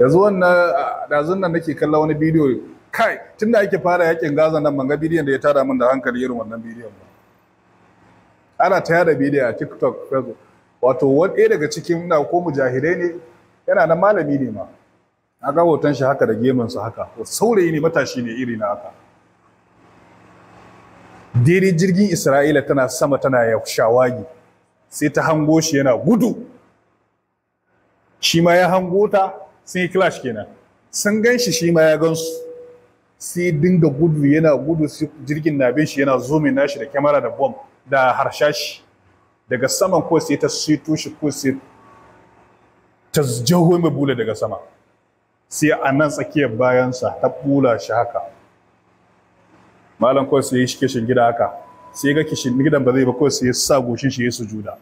yanzu wannan dazun nan nake kalla wani bidiyo kai tunda ake fara yakin gaza nan ban ga bidiyon da ya tada min da hankali irin wannan bidiyon ba ana ta yada bidiyo a tiktok wato wani daga cikin na ko mujahidai ne yana na malami ne ma a ga hoton shi haka da su haka saurayi ne matashi ne iri na haka daidai jirgin isra'ila tana sama tana ya shawagi sai ta hango shi yana gudu shi ma ya hango ta sun yi clash kenan sun gan shi shi ma ya gan su sai dinga gudu yana gudu jirgin na bin shi yana mai nashi da kyamara da bom da harshashi daga saman ko sai ta sito shi ko sai ta jaho mai bula daga sama sai a nan tsakiyar bayansa ta bula shi haka malam ko sai shi kishin gida haka sai ga kishin gidan ba zai ba ko sai ya sa goshin shi ya sujuda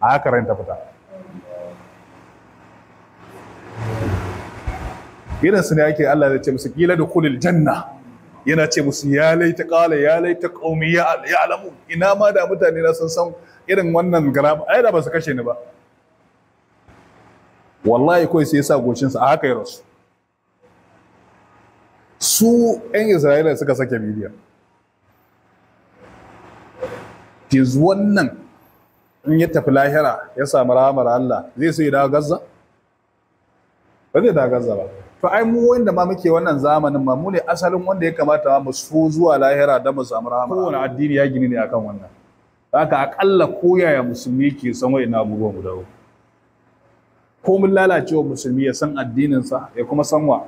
a haka ran ta fita irin su ne ake Allah zai ce musu kila da kulil janna yana ce musu ya laita qala ya laita qaumi ya alamu ina ma da mutane na sun san irin wannan garama ai da ba su kashe ni ba wallahi kawai sai yasa goshin sa haka ya rasu su 'yan isra'ila suka sake bidiyon yanzu wannan in ya tafi lahira ya samu ramar Allah zai sai dawo Gaza? Ba zai dawo Gaza ba. to ai mu wanda ma muke wannan zamanin ma mu ne asalin wanda ya kamata mu so zuwa lahira da mu samu rahama kowane addini ya gini ne akan wannan haka akalla ko yaya musulmi ke san wa'ina abubuwan guda uku ko mun lalacewa musulmi ya san addininsa ya kuma san wa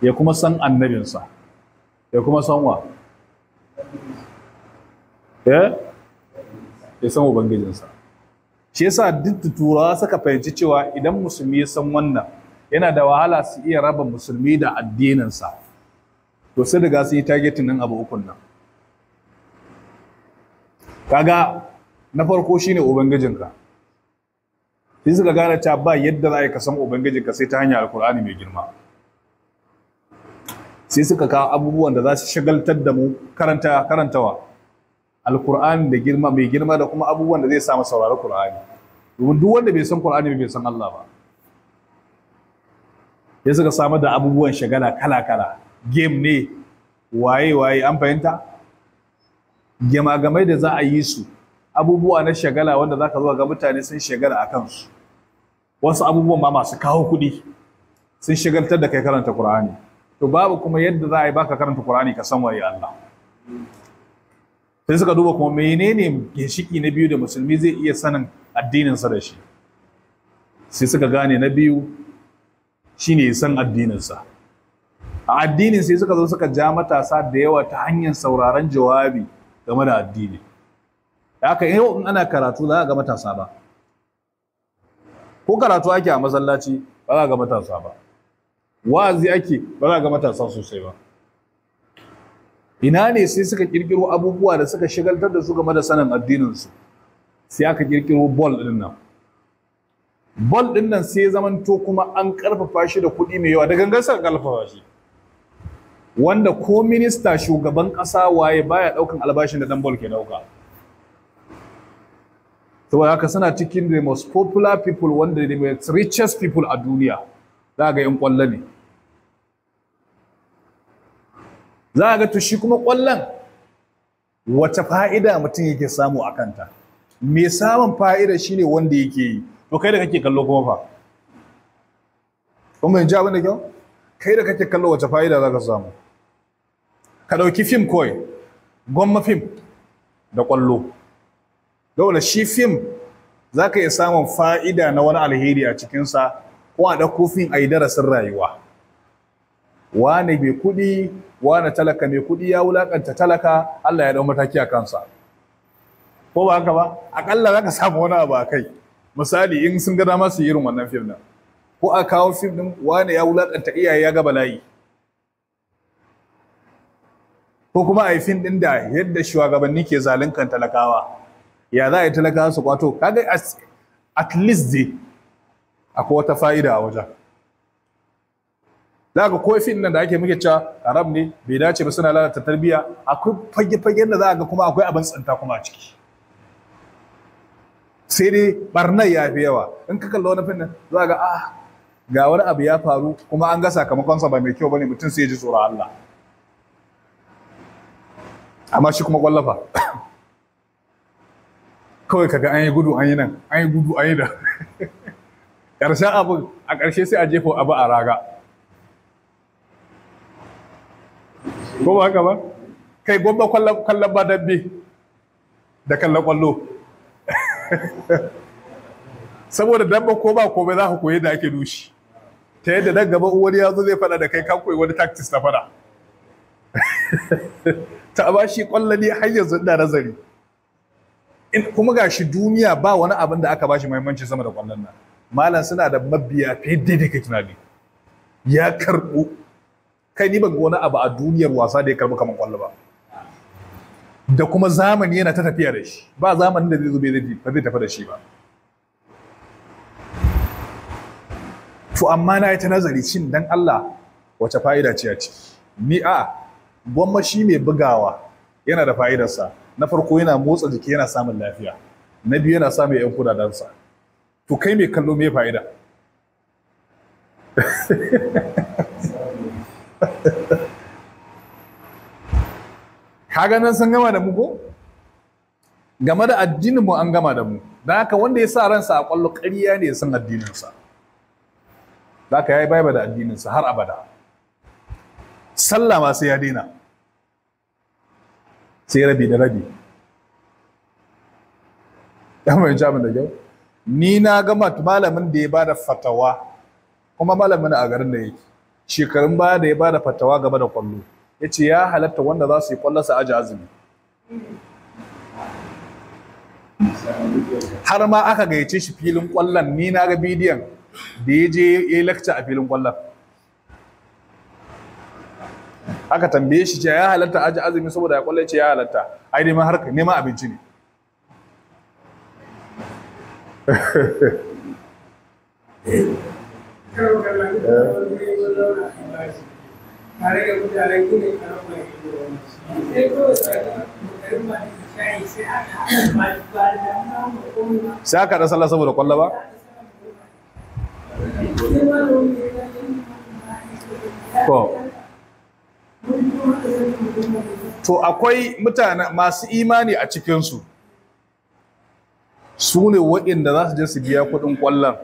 ya kuma san annabinsa ya kuma san wa ya eh? ya san ubangijinsa shi yasa duk turawa suka fahimci cewa idan musulmi ya san wannan yana da wahala su iya raba musulmi da addininsa to sai daga su yi targetin abu ukun nan kaga na farko shine ubangijinka sai suka gane ta ba yadda za a yi ka ubangijinka sai ta hanyar alkur'ani mai girma sai suka kawo abubuwan da za su shagaltar da mu karanta karantawa alkur'ani da girma mai girma da kuma abubuwan da zai samu saurari kur'ani domin duk wanda bai san kur'ani bai san Allah ba sai suka samar da abubuwan shagala kala-kala game ne waye-waye an fahimta gemagamai da za a yi su abubuwa na shagala wanda za ka zo ga mutane sun shagala a kansu wasu abubuwan ma masu kawo kuɗi sun shagaltar da kai karanta Kur'ani. to babu kuma yadda za a yi baka karanta Kur'ani ka san waye Allah sai suka duba kuma menene ginshiki na biyu da musulmi zai iya sanin addininsa da shi sai suka gane na biyu shi ya san addininsa a addinin sai suka zo suka ja matasa da yawa ta hanyar sauraron jawabi game da addini haka yau in ana karatu za ga matasa ba ko karatu ake a masallaci ba za ga matasa ba wa'azi ake ba za ga matasa sosai ba ina ne sai suka kirkiro abubuwa da suka shigaltar da su game da sanin addininsu sai aka kirkiro bol ɗin nan bol din nan sai zaman to kuma an ƙarfafa shi da kuɗi mai yawa da gangan sa karfafa shi wanda ko minista shugaban ƙasa waye baya ɗaukan albashin da dan bol ke ɗauka to haka suna cikin the most popular people wanda the most richest people a duniya za ga yan ƙwallo ne za ga to shi kuma ƙwallon wata fa'ida mutum yake samu a kanta me samun fa'ida shine wanda yake yi to kai da kake kallo kuma fa kuma in ji abin da kyau kai da kake kallo wace fa'ida za ka samu ka ɗauki fim kawai gwamma fim da ƙwallo dole shi fim za ka iya samun fa'ida na wani alheri a cikinsa ko a ɗauko fim a yi darasin rayuwa wane mai kuɗi wane talaka mai kuɗi ya wulaƙanta talaka Allah ya ɗau mataki a kansa ko ba haka ba aƙalla za ka samu wani abu a kai misali in sun ga dama su yi irin wannan fim din ko a kawo fim din wane ya wulakanta iyaye ya ga bala'i ko kuma a yi fim din da yadda shugabanni ke zalunkan talakawa ya za a yi talakawa su kwato kaga at least dai akwai wata fa'ida a wajen za ka ko fim nan da ake muke cewa haram ne bai dace ba suna lalata tarbiyya akwai fage-fagen da za a ga kuma akwai abin tsanta kuma a ciki sai dai barnar ya fi yawa in ka kalla wani fina din za ga ah ga wani abu ya faru kuma an ga sakamakonsa ba mai kyau ba ne, mutum sai ya ji tsoron Allah amma shi kuma kwallafa kawai kaga an yi gudu an yi nan an yi gudu an yi da ƙarshen abin a ƙarshe sai a jefa abu a raga ko ba haka ba kai gwamba kallon ba dabbe da kallon kwallo saboda dabba ko ba ko za ku koyi da ake dushi ta yadda nan gaba uwar ya zo zai fada da kai ka koyi wani tactics na fada ta ba shi kwallo ne har yanzu ina nazari kuma ga shi duniya ba wani abin da aka ba shi muhimmanci sama da kwallon nan malam suna da mabiya fiye da kai tunani ya karɓo kai ni ban ga wani abu a duniyar wasa da ya karɓi kamar kwallo ba da kuma zamani yana ta tafiya da shi ba zamanin da zai zo bai zai tafi da shi ba to amma na yi ta nazari shin dan Allah wace fa'ida ce a ciki ni a gwamma shi mai bugawa yana da fa'idarsa na farko yana motsa jiki yana samun lafiya na biyu yana samun yan kudadansa to kai mai kallo mai fa'ida kaga nan sun gama da mu ko game da addinin mu an gama da mu don haka wanda ya sa ransa a kwallo ƙarya ne san addininsa za ka yayi baiba da addininsa har abada sallah ma sai ya daina sai rabi da rabi ya mai jamin da kyau ni na gama malamin da ya bada fatawa kuma malamin a garin da yake shekarun baya da ya bada fatawa game da kwallo ya ce ya halatta wanda za su yi kwallo aji azumi har ma aka gayyace shi filin kwallon ni na ga bidiyon da ya je ya yi lakca a filin kwallon aka tambaye shi ce ya halatta aji azumi saboda ya kwallo ce ya halatta ai neman harka neman abinci ne Yeah. tare da mutanen sai aka sallah saboda kwallo ba? to akwai mutane masu imani a cikinsu su ne waɗanda za su je su biya kuɗin ƙwallon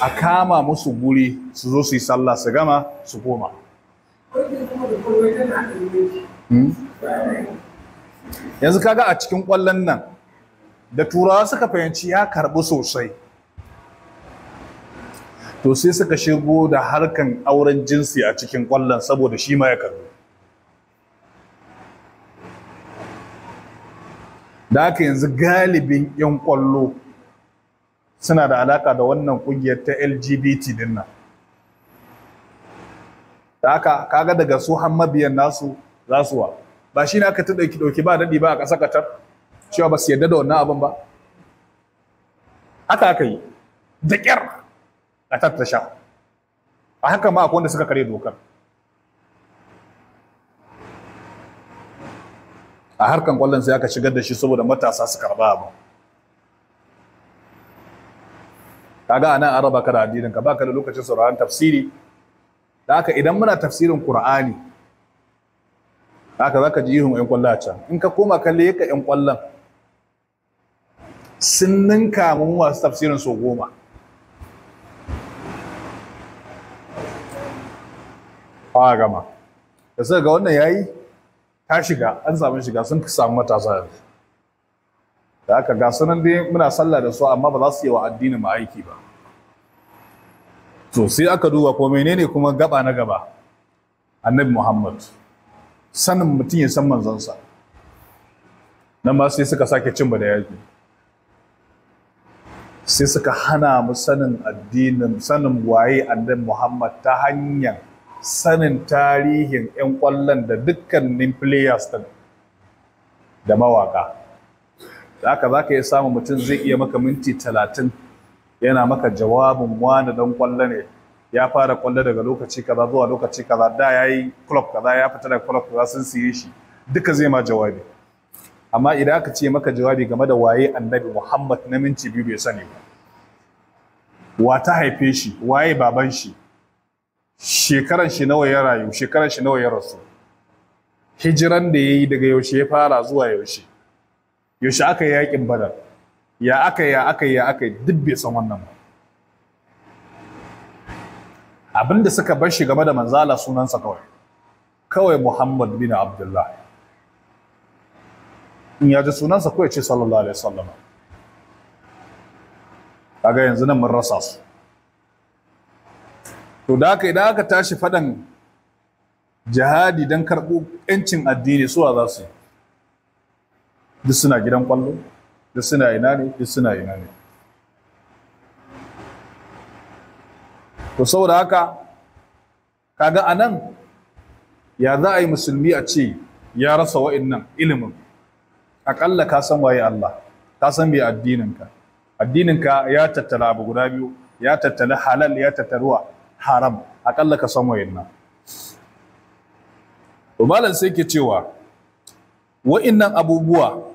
a kama musu guri su zo su yi sallah su gama su koma Hmm? yanzu kaga a cikin kwallon nan da turawa suka fahimci ya karɓi sosai to sai suka shigo da harkan auren jinsi a cikin ƙwallon saboda shi ma ya karɓi da haka yanzu galibin 'yan ƙwallo suna da alaƙa da wannan ƙungiyar ta lgbt din nan da haka kaga daga su han mabiyan nasu za su wa ba shi ne aka ta ɗauki ɗauki ba daɗi ba a ƙasa katar cewa ba su yarda da wannan abin ba haka aka yi da ƙyar a tattasha a haka ma akwai wanda suka kare dokar a harkan kwallon sai aka shigar da shi saboda matasa su karɓa abin kaga anan an raba ka da addinin ka baka da lokacin sauraron tafsiri da haka idan muna tafsirin qur'ani haka zaka ji ihun yan kwallo a can in ka koma kalle ka ƴan kwallon sun ninka mu masu tafsirin so goma a gama da sai ga wannan yayi ta shiga an samu shiga sun fi samu matasa yanzu da haka ga sunan dai muna sallah da su amma ba za su yi wa addinin mu aiki ba to sai aka duba ko menene kuma gaba na gaba annabi muhammad sanin mutum ya san manzansa nan ba sai suka sake cimba da yaki. sai suka hana mu sanin addinin sanin waye annabi muhammad ta hanyar sanin tarihin 'yan kwallon da dukkanin players ta. da mawaƙa da aka za ka yi samun mutum zai iya maka minti talatin yana maka jawabin wani dan kwallo ne ya fara kwallo daga lokaci kaza zuwa lokaci kaza da ya yi club kaza ya fita daga club kaza sun siye shi duka zai ma jawabi amma idan aka ce maka jawabi game da waye annabi muhammad na minti biyu bai sani ba wa ta haife shi waye baban shi shekaran shi nawa ya rayu shekaran shi nawa ya rasu hijiran da ya yi daga yaushe ya fara zuwa yaushe yaushe aka yi yakin badar ya aka ya aka ya aka duk bai san wannan ba abin da suka bar shi game da manzala sunansa kawai kawai muhammad bin abdullah in ya ji sunansa kawai ce sallallahu alaihi wasallam kaga yanzu nan mun rasa su to da haka idan aka tashi faɗan jihadi don karɓo 'yancin addini suwa za su yi duk suna gidan kwallo duk suna ina ne duk suna ina ne to saboda haka kaga anan ya za a yi musulmi a ce ya rasa wa'annan ilimin aƙalla ka san waye Allah ka san me addininka addininka ya tattala abu guda biyu ya tattala halal ya tattaruwa haram aƙalla ka san wa'annan to malam sai ke cewa wa'annan abubuwa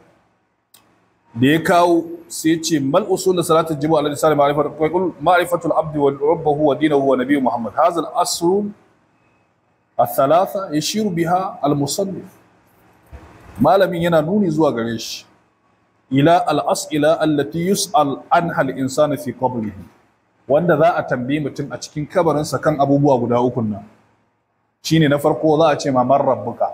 da ya kawo sai ce mal usul da salatul jima'a alladhi sallama ma'rifatu qul ma'rifatu al-abd wa rabbuhu wa dinahu wa nabiyyu muhammad hadha al-asl al-thalatha yashiru biha al-musannif malamin yana nuni zuwa gare shi ila al-as'ila allati yus'al anha al-insanu fi qabrihi wanda za a tambayi mutum a cikin kabarinsa kan abubuwa guda uku nan shine na farko za a ce ma man rabbuka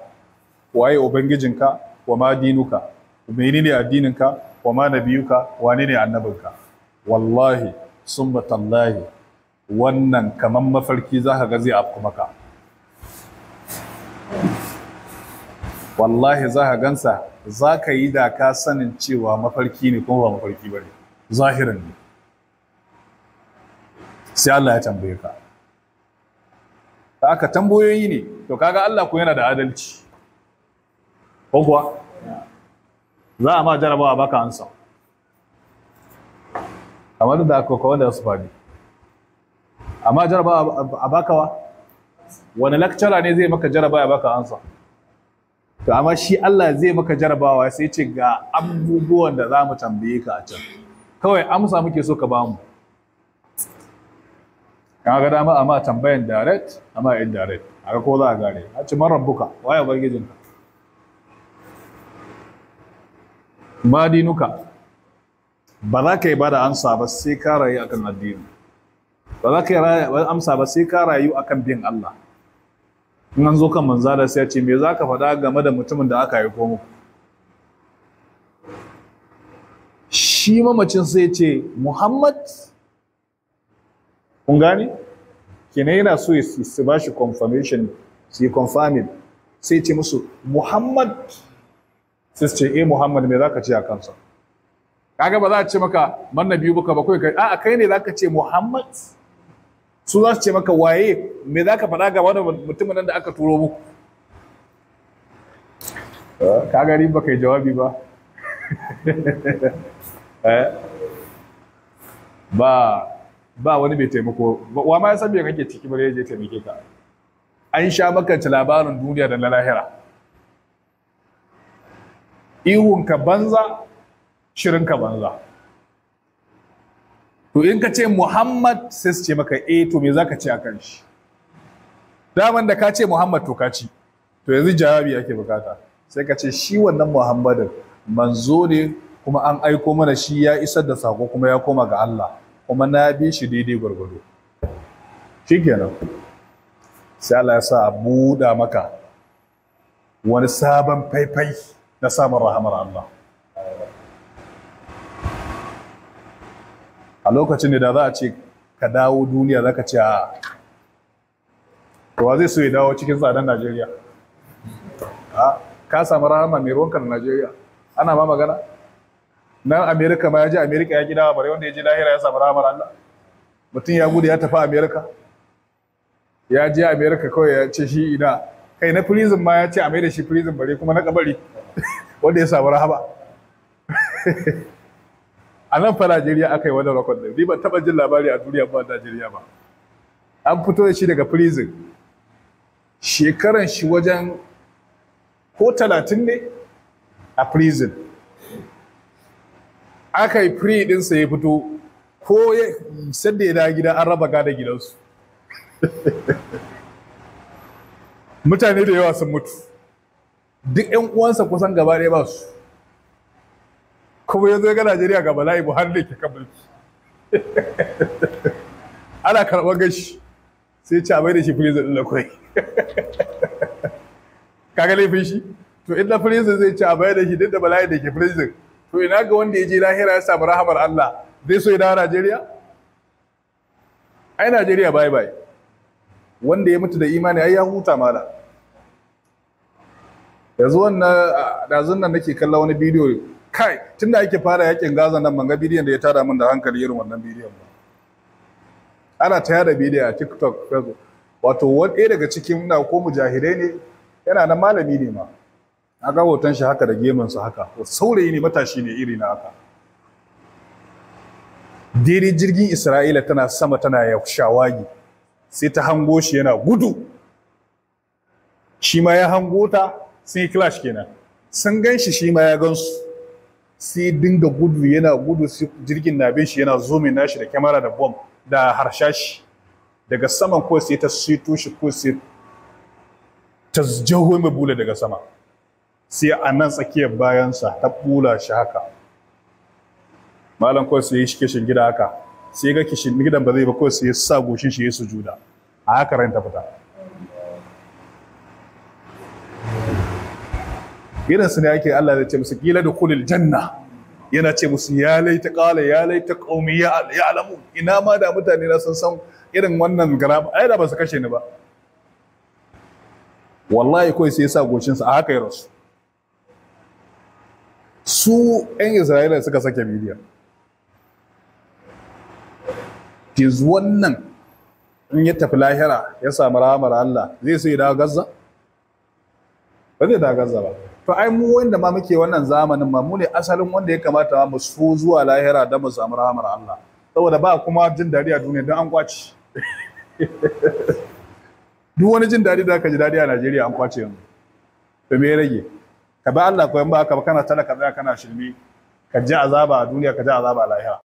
waye ubangijinka wa ma dinuka menene addininka wa ma nabiyuka wane ne annabinka wallahi sun batallahi wannan kaman mafarki za ka ga zai afku maka wallahi za ka gansa za ka yi da ka sanin cewa mafarki ne kuma ba mafarki ba ne zahirin ne sai Allah ya tambaye ka da aka tambayoyi ne to kaga Allah ku yana da adalci za a ma jarabawa baka ansa kamar da koko wanda su faɗi amma jarabawa a baka wa? wani lakcara ne zai maka jarabawa baka ansa to amma shi Allah zai maka jarabawa sai ce ga abubuwan da za mu tambaye ka a can kawai amsa muke so ka bamu kan ga dama amma tambayan direct amma indirect Aka ko za a gane a ce man rabbuka waye ubangijinka madinuka dinuka ba za ka yi ba da amsa ba sai ka rayu akan addini ba za ka yi amsa ba sai ka rayu akan bin Allah in an zo kan da sai ya ce me za ka faɗa game da mutumin da aka ko muku shi mamacin sai ce Muhammad kun gane kenan yana so su ba shi confirmation su yi confirming sai ce musu Muhammad sai su ce eh Muhammad me zaka ce a kansa kaga ba za a ce maka mannabi buka ba kai a kai ne zaka ce Muhammad su za su ce maka waye me zaka faɗa ga wani mutumin nan da aka turo muku ka gari ba kai jawabi ba eh? ba ba wani bai taimako wa ma ya san me kake ciki bare je taimake ka an sha maka labarin duniya da na lahira iwunka banza shirinka banza to in ka ce muhammad sai su ce maka eh to me za ka ce a kan shi daman da ka ce muhammad to ka ci to yanzu jawabi yake bukata sai ka ce shi wannan muhammadin manzo ne kuma an aiko mana shi ya isar da sako kuma ya koma ga allah kuma na bi shi daidai gwargwado shikenan sai allah ya sa a buɗa maka wani sabon faifai da samun rahamar Allah a lokacin da za a ce ka dawo duniya za ka ce a wa zai so ya dawo cikin tsadan najeriya ka samu rahama mai ruwanka na najeriya ana ma magana nan amerika ma ya ji amerika ya gida bare wanda ya ji lahira ya samu rahamar allah mutum ya gudu ya tafi amerika ya je amerika kawai ya ce shi ina kai na prison ma ya ce a mai da shi prison bare kuma na kabari wanda ya samu rahama a nan fa Najeriya aka yi wannan rakon din ni ban taɓa jin labari a duniya ba Najeriya ba an fito da shi daga prison shekaran shi wajen ko talatin ne a prison aka yi free ɗinsa ya fito ko da ya da gida an raba gada gidansu mutane da yawa sun mutu duk ƴan uwansa kusan gaba ɗaya ba su kuma ya zo ga Najeriya ga bala'i Buhari ne ke kan ana karɓar gashi sai ci abai da shi firiza ɗin lakwai kaga laifin shi to in na prison zai ci abai da shi duk da bala'i da ke firiza to ina ga wanda ya je lahira ya samu rahamar Allah zai so ya dawo Najeriya ai Najeriya bai-bai. wanda ya mutu da imani ai ya huta mala yanzu wannan ɗazun nan nake kalla wani bidiyo kai tunda ake fara yakin gaza nan ban ga bidiyon da ya tada min da hankali irin wannan bidiyon ba ana taya da bidiyo a tiktok facebook wato wani daga cikin na ko mujahidai ne yana na malami ne ma a ga hoton shi haka da su haka saurayi ne matashi ne iri na haka Diri jirgin isra'ila tana sama tana shawagi sai ta hango shi yana gudu shi ma ya hango ta sun yi clash kenan sun gan shi shi ma ya gan su sai dinga gudu yana gudu jirgin na bin shi yana zooming nashi da kyamara da bomb da harshashi daga saman ko sai ta sito shi ko sai ta jaho mai bula daga sama sai a nan tsakiyar bayansa ta bula shi haka malam ko sai ya shi kishin gida haka sai ga kishin gidan ba zai ba ko sai ya sa goshin shi ya sujuda a haka ran ta fita irin su ne ake Allah zai ce musu kila da kulil janna yana ce musu ya laita kala ya laita kaumi ya alamu ina ma da mutane na sun san irin wannan garama ai da ba su kashe ni ba wallahi kawai sai yasa goshin sa a haka ya rasu su 'yan isra'ila suka sake bidiyon yanzu wannan in ya tafi lahira ya samu rahamar Allah zai sai da gaza ba zai da gaza ba to ai mu wanda ma muke wannan zamanin ma mu ne asalin wanda ya kamata mu su zuwa lahira da mu samu rahmar Allah saboda ba kuma jin dadi a duniya dan an kwaci duk wani jin dadi da ka ji dadi a Najeriya an kwace yanzu to me rage ka ba Allah ko in ba ka kana talaka tsaya kana shirme ka ji azaba a duniya ka ji azaba a lahira